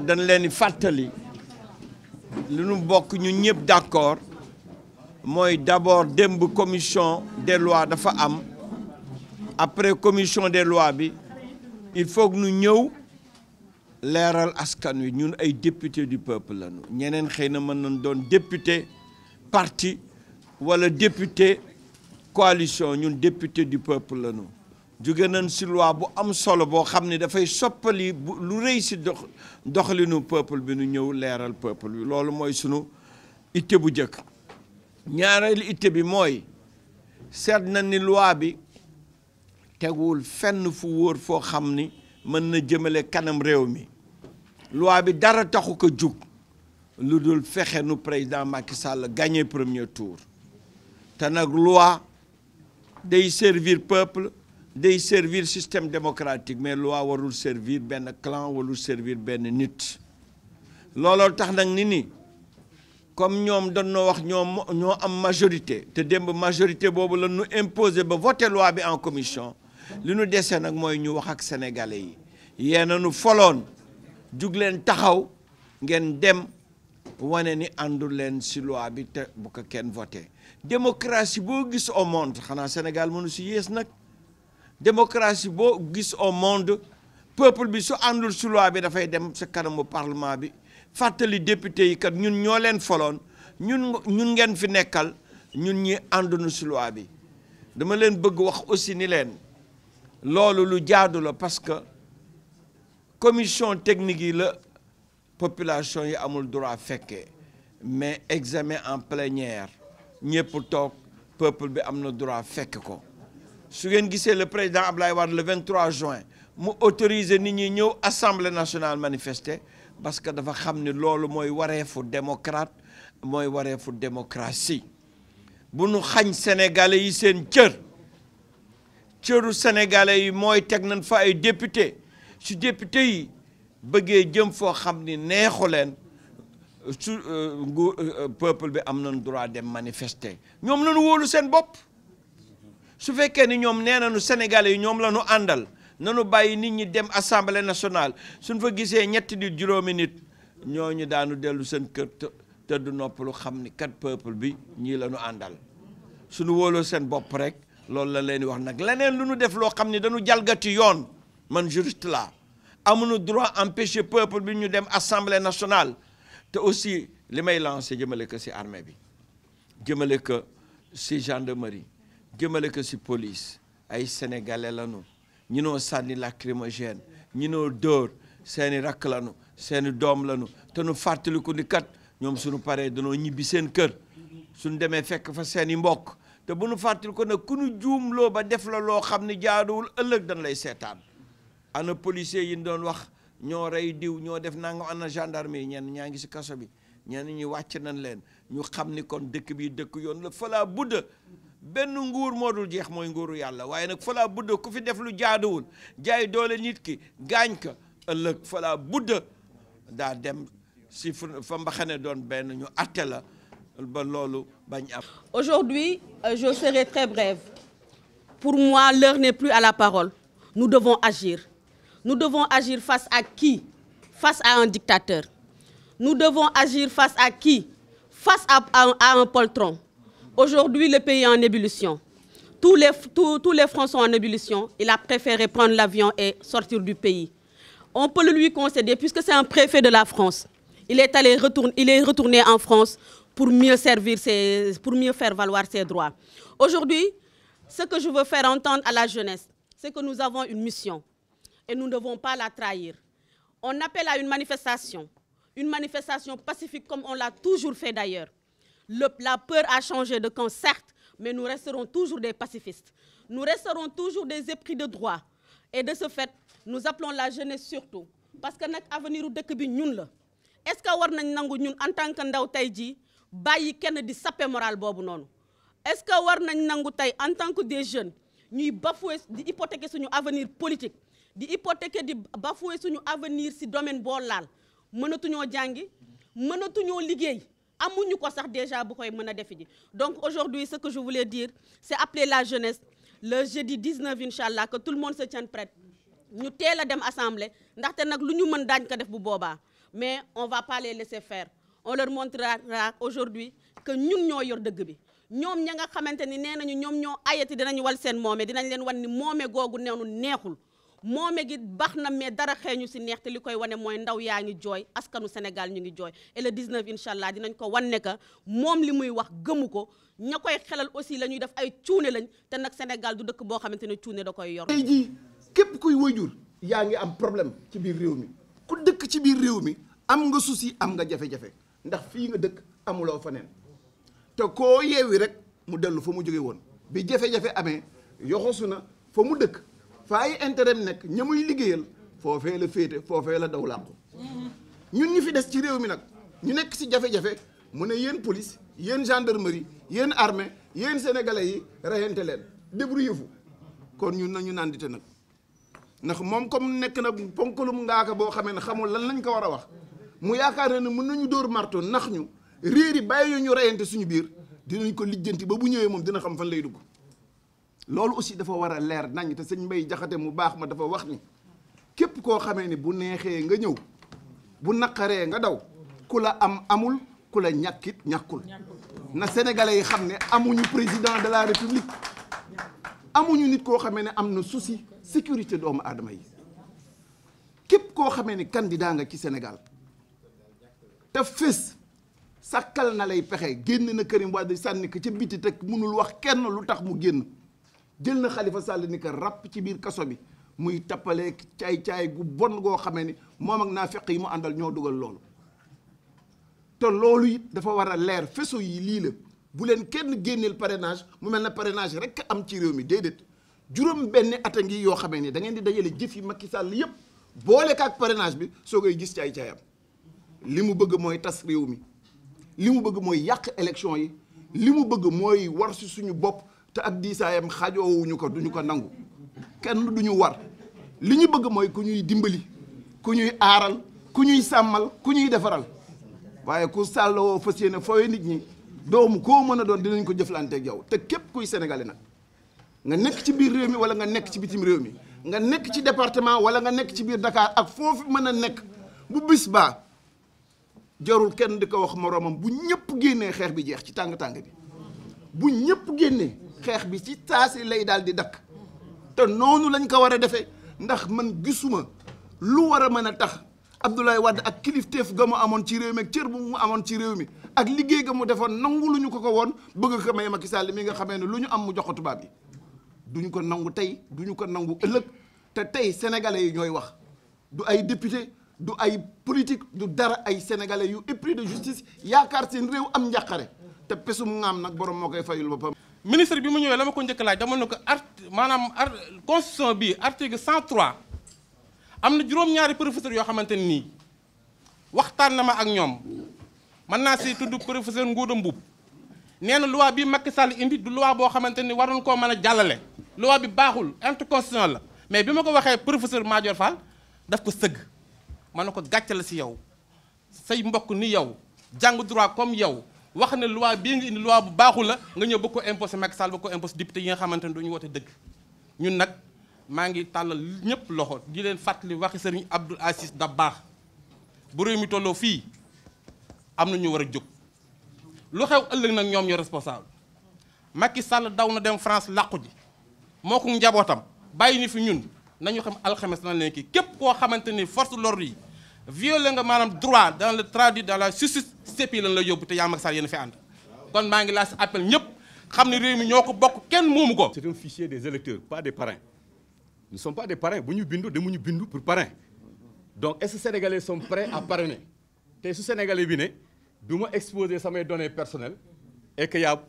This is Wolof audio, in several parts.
dans dañ leen nous fàttali lu nu bokk d'accord mooy d'abord la commission des lois dafa am après commission des lois il faut que nous soyons leeral askan nous ñun ay député du peuple nous sommes députés, partis, nañ doon député parti wala député coalition ñun député du peuple jóge nañ si loi bu am solo boo xam ne dafay soppali bu lu rëy si dox doxalinu peuple bi nu ñëw leeral peuple bi loolu mooy sunu itte bu njëkk ñaareelu itte bi mooy seet na ni loi bi teguwul fenn fu wóor foo xam ni mën na jëmale kanam réew mi loi bi dara taxu ko jug lu dul fexe nu président Macky Sall gagné premier tour te nag loi day servir peuple day servir système démocratique mais loi warul servir ben clan warul servir ben nit lolo tax nak nini comme comme ñoom no wax ñom ño am majorité te demb majorité bobu la ñu imposer ba voter loi bi en commission li ñu déssé nak moy ñu wax ak sénégalais yi yeena nu folone jug leen taxaw ngén dem wane ni andul leen ci loi bi te bu ko ken voter démocratie bo gis au monde xana Sénégal mënu si yes, nak démocratie bo gis au monde peuple bi su àndul si loi bi fay dem sa kanamu parlement bi fatali député yi kat ñun ñoo leen foloon ñun ñun ngeen fi nekkal ñun ñi àndunu si loi bi dama leen bëgg wax aussi ni leen loolu lu jaadu la parce que commission technique yi la population yi amul droit fekkee mais examen en plénière ñepp tok peuple bi amna droit fekk ko su vous gisee le président Ablaye Wade le 23 juin mu autoriser nit ñi à assemblée nationale manifester parce que dafa xam ne loolu mooy wareefu démocrate mooy wareefu démocratie bu nu xañ sénégalais yi seen cër cëru sénégalais yi mooy teg nañ fa ay député su député yi bëggee jëm foo xam ni neexu leen su le euh, euh, peuple bi am droit dem manifester ñoom nañu wóolu seen bopp su fekkee ni ñoom nee nañu sénégalais yi ñoom la bayi àndal nanu bàyyi nit ñi dem assemblée nationale suñ fa gisee ñetti nit juróomi nit ñooñu daanu dellu seen kër tëdd noppalu xam ni kat peuple bi ñii la nu àndal suñu wóoloo seen bopp rek loolu la leen wax nag leneen lu nu def loo xam ne dañu jalgati yoon man juriste la amunu droit empêcher peuple bi ñu dem assemblée nationale te aussi li may lancer jëmale ko si armée bi jëmale ko si gendarmerie jëmale ko si police ay sénégalais lanu ñu noo sànni lacrymogène ñi noo dóor seeni rakk lanu seeni doom lanu te nu fàttaliku ni kat ñoom suñu paree danoo ñibbi seen kër suñu demee fekk fa seeni mbokk te bu nu ko nag ku nu juumloo ba def la loo xam ne jaaduwul ëllëg dañ lay seetaan ana policier yi doon wax ñoo rey diw ñoo def nanga ana gendarme yi ñenn ñaa ngi si kaso bi ñenn ñi wàcc nañ leen ñu xam ni kon dëkk bi dëkk yoon la falaa budda Ben nguur modul jeex qui nguuru yalla waye nak fala budde ku fi def lu jaaduwul jaay doole nit ki gaañ ka ëllëg falaa budda dem si fa mbaxane don ben ñu ba lolu bañ aujourd'hui euh, je serai très brève pour moi l'heure n'est plus à la parole nous devons agir nous devons agir face à qui face à un dictateur nous devons agir face à qui face à, à un poltron Aujourd'hui, le pays est en ébullition. Tous les, tous, Français sont en ébullition. Il a préféré prendre l'avion et sortir du pays. On peut le lui concéder puisque c'est un préfet de la France. Il est, allé retourner, il est retourné en France pour mieux, servir ses, pour mieux faire valoir ses droits. Aujourd'hui, ce que je veux faire entendre à la jeunesse, c'est que nous avons une mission et nous ne devons pas la trahir. On appelle à une manifestation, une manifestation pacifique comme on l'a toujours fait d'ailleurs. Le, la peur a changé de camp, certes, mais nous resterons toujours des pacifistes. Nous resterons toujours des épris de droit. Et de ce fait, nous appelons la jeunesse surtout. Parce que notre avenir est nous. Est-ce que nous en tant que nous avons bàyyi kenn di de moral Bobu est-ce que war nañ en tant que des jeunes nous bafouer di hypothéquer suñu avenir politique di hypothéquer di bafouer suñu avenir si domaine boo laal mënatuñoo nous mënatuñoo liggéey nous ko sax déjà bu koy donc aujourd'hui ce que je voulais dire c'est appeler la jeunesse le jeudi 19 inchallah que tout le monde se tienne prêt Nous sommes tous dem assemblée ndaxte nag lu ñu mën daañ ko def bu mais on va pas les laisser faire on leur montrera aujourd'hui que nous sommes les dëgg bi ñoom ña nga xamante ni nañu ñoom ñoo ayati dinañu wal seen momé dinañ leen ni neexul moome gi baax na mais dara xeeñu si neex te li koy wane mooy ndaw yaa ngi jooy askanu Sénégal ñu ngi jooy et le 19 incha allah dinañ ko wan ne que moom li muy wax gëmu ko ña koy xelal aussi la ñuy def ay cuune lañ te nag Sénégal du dëkk boo xamante ne cuune da koy yor. tey jii képp kuy wayjur yaa ngi am problème ci biir réew mi ku dëkk ci biir réew mi am nga souci am nga jafe-jafe ndax fii nga dëkk amuloo faneen te koo yeewi rek mu dellu fa mu jóge woon bi jafe amee yoxosu na fa mu dëkk. fa ay intérêt nekk ña liggéeyal foofee la féete foofee la daw làqu ñun ñu fi des ci réew mi nag ñu nekk si jafe-jafe mu ne yéen police yéen gendarmerie yéen armée yéen sénégalais yi reyante leen débrouillez-vous kon ñun nañu nandite nag ndax moom comme nekk na ponkalum ngaaka boo xamee ne xamul lan lañ ko war a wax mu yaakaar ne mën nañu dóor marto nax ñu réer yi bàyyi ñu ñu reyante suñu biir dinañ ko lijjanti ba bu ñëwee moom dina xam fan lay dugg loolu aussi dafa war a leer nañ te sëñ Mbay Jaxate mu baax ma dafa wax ni képp koo xamee ni bu neexee nga ñëw bu naqaree nga daw ku la am amul ku la ñàkkit ñàkkul na sénégalais yi xam ne amuñu président de la république amuñu nit koo xamee ne am na souci sécurité doomu aadama yi képp koo xamee ni candidat nga ci Sénégal te fés sàkkal na lay pexe génn na Karim Wade sànni ko ca biti te mënul wax kenn lu tax mu génn jël na Khalifa Sall ni ko rap ci bir kasso bi muy tapale tay tay gu bon go xamé ni mom ak nafiq yi mu àndal ño dugal lool te loolu it dafa wara a leer feso yi li la bu len kenn gennel parrainage mu melna parrainage rek am ci réew mi dedet juróom benn atangi yo xamé ni da ngeen di dajale jëf yi Macky Sall yëpp boole kak parrainage bi so koy gis tay tayam limu bëgg moy tas réew mi limu bëgg moy yàq élection yi limu bëgg moy war ci suñu bopp te ak diisaayam xajoowuñu ko duñu ko nangu kenn duñu war li ñu bëgg mooy ku ñuy dimbali ku ñuy aaral ku ñuy sàmmal ku ñuy defaral waaye ku sàlloo fas yéene fooy nit ñi doomu koo mën a doon dinañ ko jëflanteeg yow te képp kuy sénégalais na nga nekk ci biir réew mi wala nga nekk ci bitim réew mi nga nekk ci département wala nga nekk ci biir Dakar ak foofu mën a nekk bu bis baa jarul kenn di ko wax moroomam bu ñëpp génnee xeex bi jeex ci tàng-tàng bi bu ñëpp génnee xeex bi ci taasi lay daal di dakk te noonu lañ ko war a defee ndax man gisuma lu war a mën a tax Abdoulaye Wade ak kilifteef ga mu amoon ci réew mi ak cër mu amoon ci réew mi ak liggéey ga mu defoon nangu lu ñu ko ko woon bëgg ko ma Macky Sall mii nga xamee ne lu ñu am mu jox ko tubaab yi duñ ko nangu tey duñu ko nangu ëllëg te tey sénégalais yi ñooy wax du ay député du ay politique du dara ay sénégalais yu épris de justice yaakaar seen réew am njàqare te pesum ngaam nag borom moo koy fayul boppam ministre bi mu ñëwee la ma ko njëkk laaj dama ne ko art maanaam art constitution bi article trois am na juróom-ñaari professeur yoo xamante nii waxtaan na ma ak ñoom mën naa si tudd professeur Ngouda Mboup nee na loi bi Macky Sall indi du loi boo xamante ni waroon koo mën a jàllale loi bi baaxul anticonstitutionnel la mais bi ma ko waxee professeur Madior Fall daf ko sëgg mën na ko gàcce la si yow say mbokk ni yow jàng droit comme yow wax ne loi bii nga indi loi bu baaxul la nga ñëw ba ko imposé Macky Sall ba ko imposé député yi nga xamante ne duñu woote dëgg ñun nag maa ngi tàllal ñëpp loxo di leen fàttali waxi sëriñ Abdoul Aziz baax bu réew mi tolloo fii am na ñu war a jóg lu xew ëllëg nag ñoom ñoo responsable Macky Sall daw na dem France làqu ji moo ko njabootam bàyyi ni fi ñun nañu xam alxemes na leen képp koo xamante ni force de yi violé nga maanaam droit dans le traduit dans la justice C'est yi lan la yóbbu te yaa mag Sall yéen fi ànd kon ma ngi laa si appel ñep xamni mi ñoko bokk kenn c'est un fichier des électeurs pas des parrains nous ne sommes pas des parrains buñu ñu bindu demuñu bindu pour parrain donc est-ce que sénégalais sont prêts à parrainer té su sénégalais bi ne duma exposer sama données personnelles et qu'il y a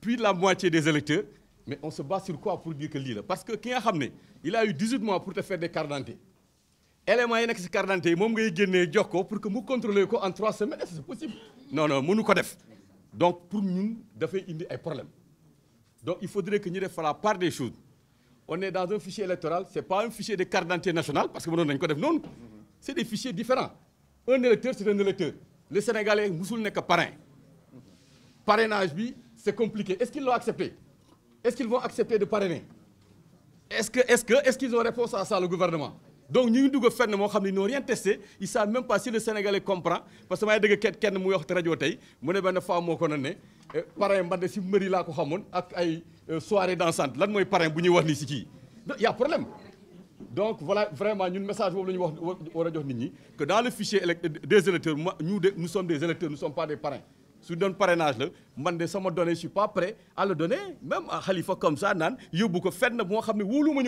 plus de la moitié des électeurs mais on se bat sur quoi pour dire que lii parce que ki nga xamné il a eu 18 mois pour te faire des cartes d'identité elle est nekk carte d'identité yi ngay pour que mu contrôler ko en trois semaines est-ce possible non non mënu ko def donc pour ñun y indi un problème donc il faudrait que ñu def la part des choses on est dans un fichier électoral c'est pas un fichier de carte d'identité nationale parce que mënoon nañ ko def c'est des fichiers différents un électeur c'est un électeur le sénégalais musul que parrain parrainage bi c'est compliqué est-ce qu'ils l'ont accepté est-ce qu'ils vont accepter de parrainer est-ce que est-ce que est-ce qu'ils ont réponse à ça le gouvernement donc nous, ngi dugg ne rien tester, ils savent même pas si le sénégalais comprend parce que maay dëgg kenn kenn muy wax radio tey mu ne benn femme moo ko na ne eh, parrain mbande si mbëri laa ko ak ay euh, soirée dansante lan mooy parrain bu ñuy wax nii si Il y' a problème. donc voilà vraiment ñun message boobu la ñu wax jox que dans le fichier des électeurs nous sommes des électeurs nous ne sommes pas des parrains. su donne parrainage le, man de sama je suis pas prêt à le donner même à Khalifa comme ça naan yóbbu ko fenn moo je ne wóolu ma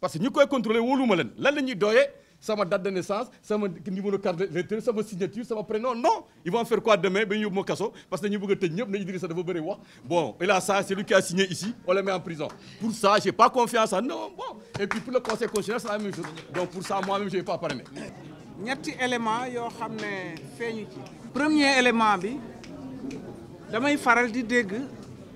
parce que ñu koy contrôler wóoluma len lan lañuy doyé sama date de naissance sama numéro carte d'électeur sama signature sama prénom non ils vont faire quoi demain Ben, ñu mo kasso parce que ñu bëgg a tëj ñëpp Idrissa dafa bëri wax bon et là ça c'est lui qui a signé ici on le met en prison pour ça j'ai pas confiance en non bon et puis pour le conseil constitutionnel c'est la même chose donc pour ça moi-même je pas parlé ñetti élément yo xamné feñu ci premier élément bi damay faral di dégg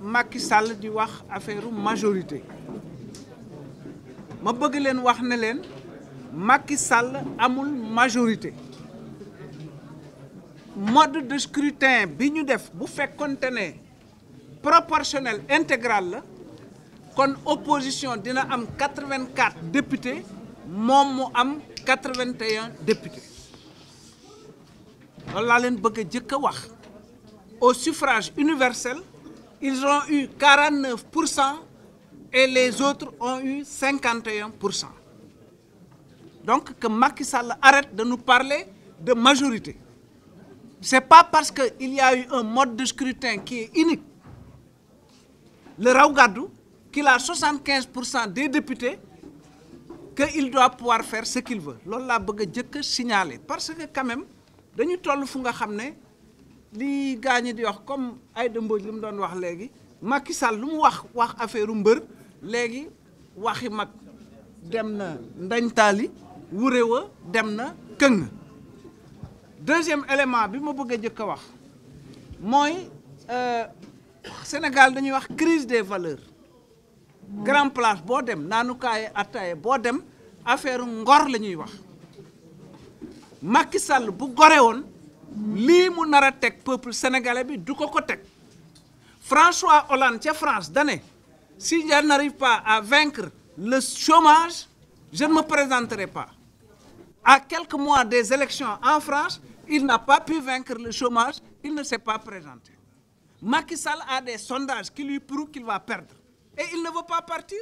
Macky Sall di wax affaire majorité je bëgg leen wax ne leen Macky Sall amul majorité mode de scrutin bi est def bu proportionnel intégral la kon opposition 84 députés et mu 81 députés leen bëgg au suffrage universel ils ont eu 49 et les autres ont eu 51%. Donc que Macky Sall arrête de nous parler de majorité. Ce n'est pas parce qu'il y a eu un mode de scrutin qui est unique. Le Raougadou, qu'il a 75% des députés, qu'il doit pouvoir faire ce qu'il veut. C'est ce que je veux signaler parce que quand même dañu toll fu nga xam li gagné di wax comme Aïda Mbodj li doon wax Macky Sall lu mu wax wax affaire mbeur léegi waxi mag dem na ndañtaali wure dem na këng deuxième élément bi ma bëgg a jëkk a wax mooy euh, Sénégal dañuy wax crise des valeurs grand place boo dem naanukaaye attaaye boo dem affaire ngor la ñuy wax Macky sàll bu gorewoon lii mu nar a teg peuple sénégalais bi du ko ko teg François Hollande ca France dane Si je n'arrive pas à vaincre le chômage, je ne me présenterai pas. À quelques mois des élections en France, il n'a pas pu vaincre le chômage, il ne s'est pas présenté. Macky Sall a des sondages qui lui prouvent qu'il va perdre. Et il ne veut pas partir.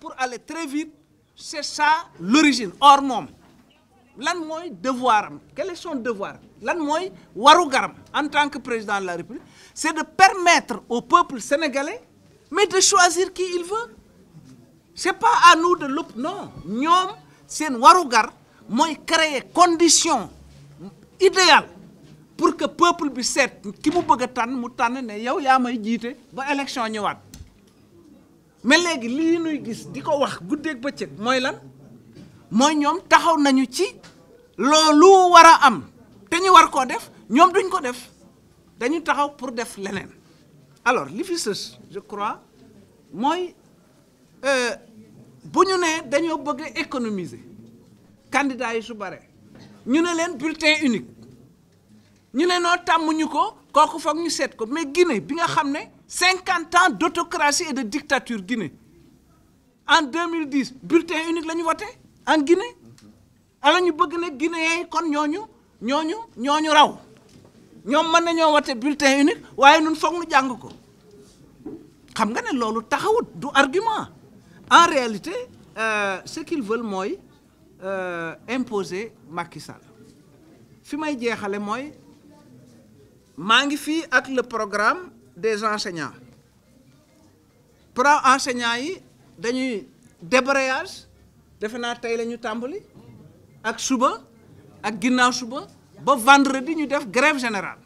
pour aller très vite c'est ça l'origine or non. lan devoir quel est son devoir lan en tant que président de la république c'est de permettre au peuple sénégalais, mais de choisir qui il veut. C'est pas à nous de l'op... Non, ñoom seen warugar mooy créer condition idéale pour que peuple bi seet ki mu bëgg a mu tànn ne yow yaa may jiite ba élection ñëwaat mais léegi lii nuy gis di ko wax guddeeg bëccëg mooy lan mooy ñoom taxaw nañu ci loolu war am te ñu war koo def ñoom duñ ko def dañu taxaw pour def leneen alors li fi je crois mooy euh, bu ñu nous dañoo bëgg économiser candidats yi su bare ñu ne leen bulletin unique ñu ne noo temps ñu ko kooku foog ñu seet ko mais Guinée bi nga xam ne ans d'autocratie et de dictature Guinée en 2010 bulletin unique la ñu voté en Guinée alors ñu bëgg ne Guinéens kon ñooñu ñooñu ñooñu raw ñoom mën nañoo wate bulletin unique waaye nun foog nu jàng ko xam nga ne loolu taxawut du argument en réalité euh, ce qu'ils mooy euh, imposer Macky fi may jeexale mooy maa ngi fii ak le programme des enseignants pro enseignants yi dañuy débrayage defe naa tey la ñu tàmbali ak suba ak ginnaaw suba ba vendredi ñu def grève générale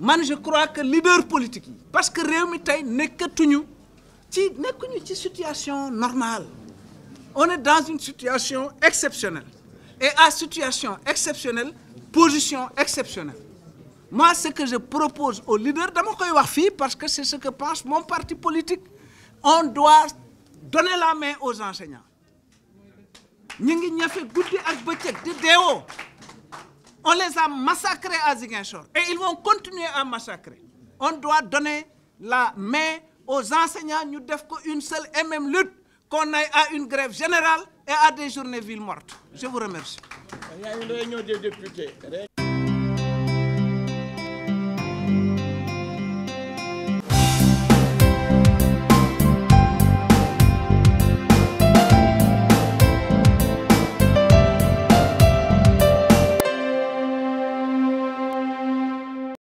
man je crois que leader politique parce que réew mi que que ci nekkuñu ci situation normale on est dans une situation exceptionnelle et à situation exceptionnelle position exceptionnelle moi ce que je propose aux leaders dama koy wax parce que c'est ce que pense mon parti politique on doit donner la main aux enseignants ñi ngi ñafé guddi ak di on les a massacrés à Ziguinchor et ils vont continuer à massacrer. On doit donner la main aux enseignants, nous devons qu'une seule et même lutte, qu'on aille à une grève générale et à des journées villes mortes. Je vous remercie.